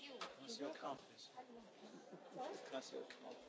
you. What's your confidence? What? What's your confidence?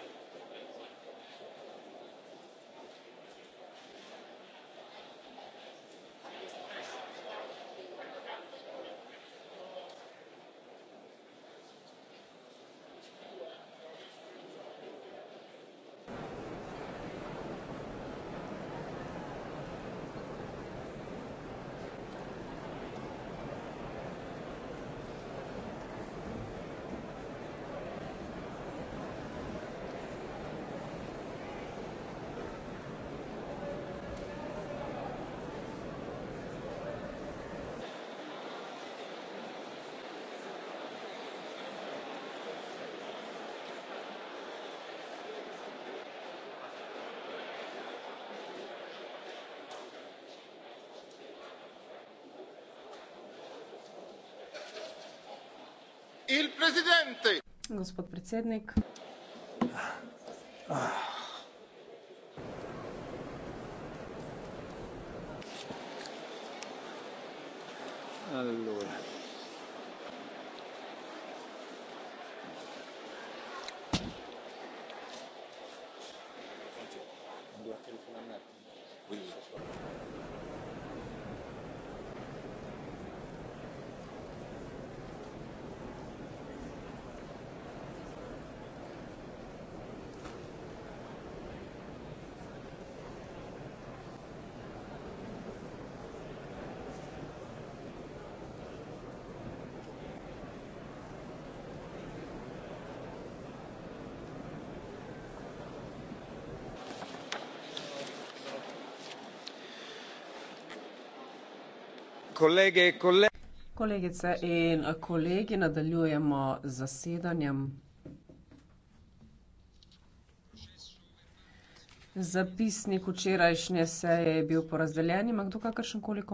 Gospod predsednik. Ah. ah. kolege, kole... Kolegice in kolegi, nadaljujemo z zasedanjem. Zapisnik včerajšnje seje je bil porazdeljen. Ima kdo kakršen koli komentar?